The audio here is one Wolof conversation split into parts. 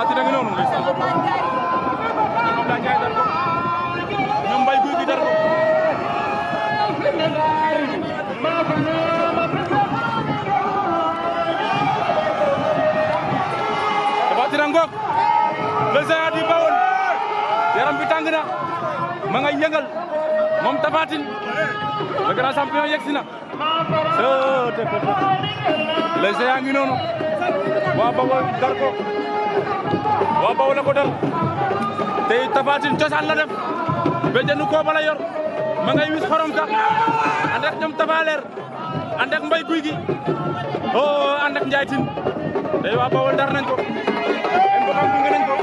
Fatou da nga noonu ndeysaan ñoom Abdoulaye Ndiaye yaram bi tàng na ma ngay yëngal moom Tapha Tine le na soo te ko le ngi noonu waa Baol dar ko waa Bawol la ko dal tey Tapha Tine cosaan la def béjjënu kooba la yor ma ngay wis xorom ka ànd ak ñoom Tapha Leer ànd Mbay Guy gi oo ànd ak Njaay oh, Tine tey waa Bawol dar nañ ko en ko nañ ko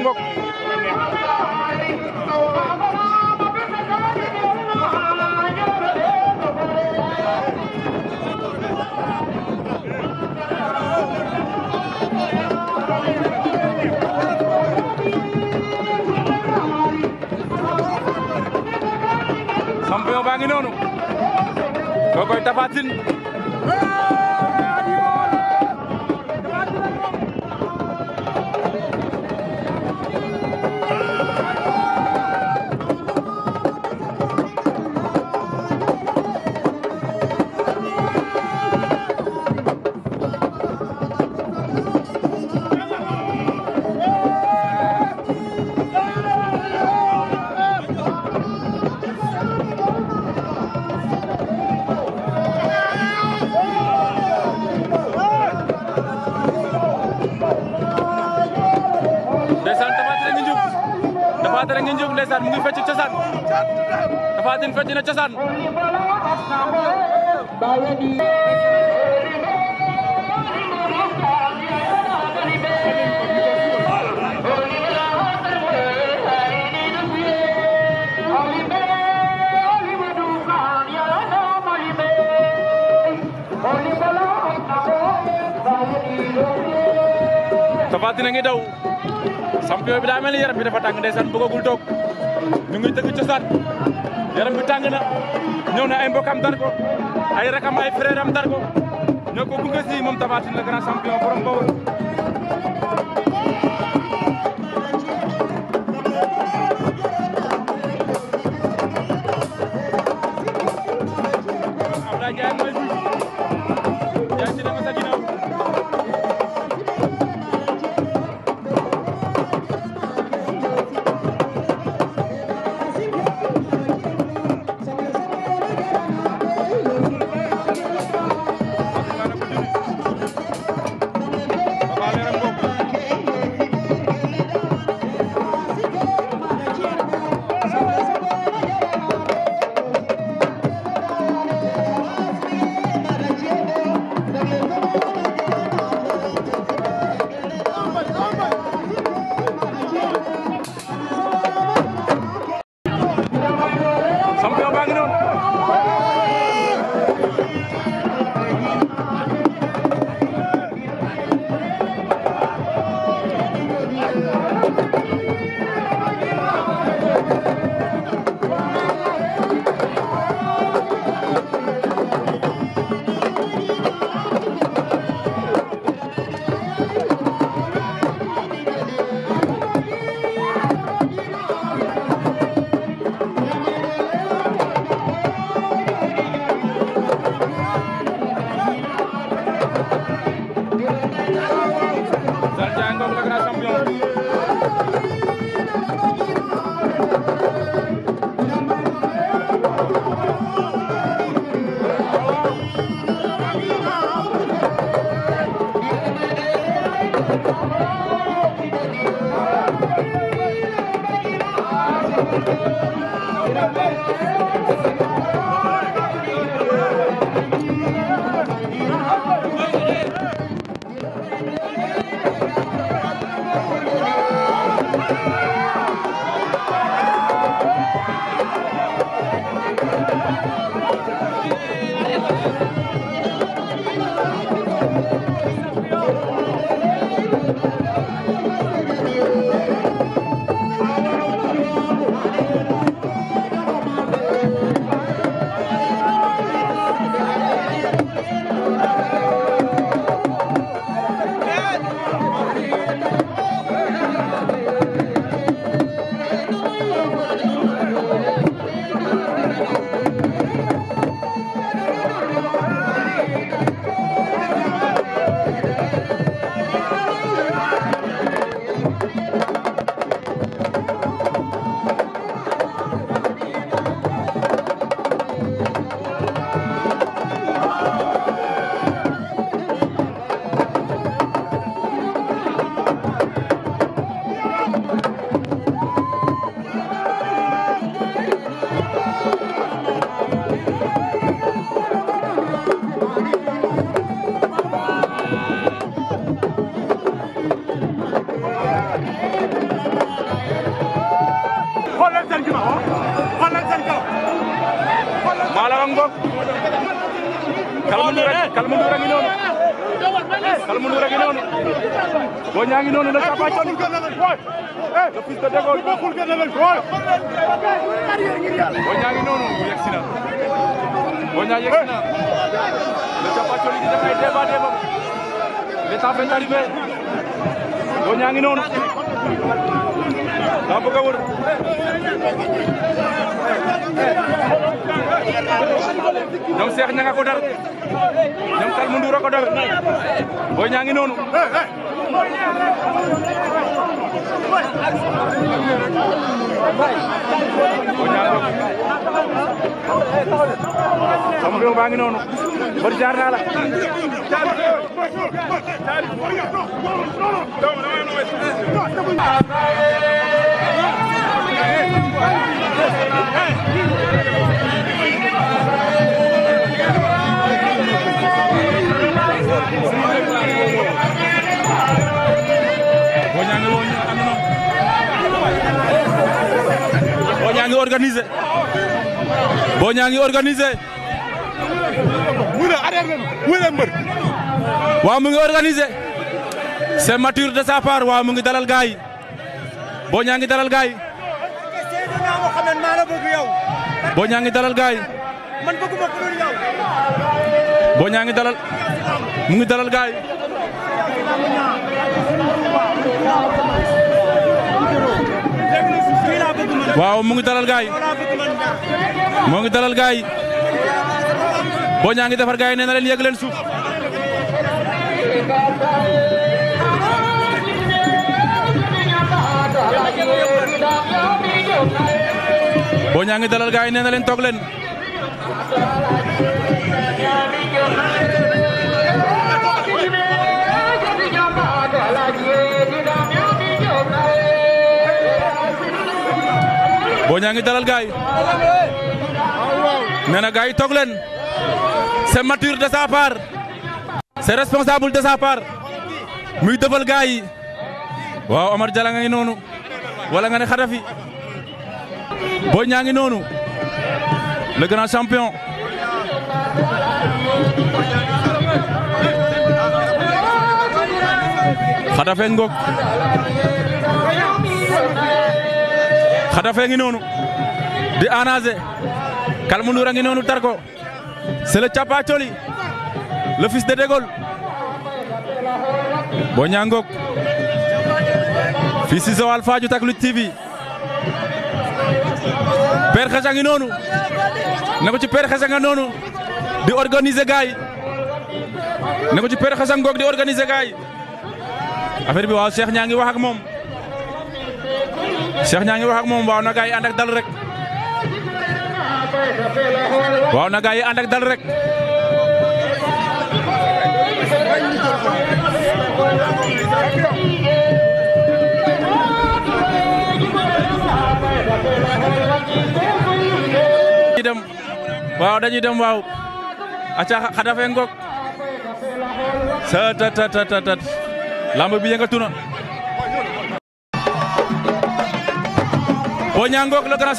ngok champion baa ngi noonu kookoy Tapha Tine Tapha Tine ngeen jóg ndeysaan mu fecc cosaan Tapha Tine fecc na cosaan Tapha Tine ngi daw champion bi daa mel ni yaram bi dafa tàng ndeysaan bëggagul toog ñu ngi tëgg cosaan yaram bi tàng na ñëw na ay mbokkam dar ko ay rakam ay frère am dar ko ñoo ko gunge si moom Tapha Tine le grand champion borom Bawol Thank you. Capathioune yaa ngi noonu nag Capathioune waay eh, le fils de Deggo waay Boy Niang ngi noonu yegg si na Boy Niang yegg si na le Capathioune di def ay débat débat le temps fait arrivé Boy Niang ngi noonu daa bëgg a wër ñoom Cheikh ña nga ko dar ñoom Kalmu Ndour a ko dar Boy Niang ngi noonu eh, eh. sama réew baa ngi noonu bari jaar naa la Thank you. boo ñaa ngi organisé boo ñaa ngi organisé. mu ne arrêté leen mu ngi organisé. c'est mature de sa mu ngi dalal gaay yi boo ñaa ngi dalal gaay yi. boo ñaa ngi dalal gaay yi. boo ñaa ngi dalal mu ngi dalal gaay waaw mu ngi dalal gaay moo ngi dalal gaay boo ñaa ngi defar gaay nee na leen yegg leen suuf boo ñaa ngi dalal gaay nee na leen toog leen boo ñaa ngi dalal gaay nee na gaay toog leen c'est mature de sa part c'est responsable de sa part muy defal gaay waaw Omar Jala nga ngi noonu wala nga ne xadafi boo ñaa ngi noonu le grand champion xadafe ngok xatafee ngi noonu di arrangé Calme Ndour a ngi noonu tar ko c'est le capacoli le fils de De Gaulle boo ñaangoog fii si Joal Fadiouth ak Lutte TV Père Kheucha ngi noonu ne ko ci Père Kheucha nga noonu di organiser gaay ne ko ci Père Kheucha ngoog di organise gaay affaire bi waaw Cheikh ñaa ngi wax ak moom. Cheikh ñaa ngi wax ak moom waaw na gaa yi ànd ak dal rek waaw na gaa yi ànd dal rek waaw dañuy dem waaw aca xadafe ngok lamb bi yëngatu na Boy Niang ngoog le grand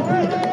Thank you.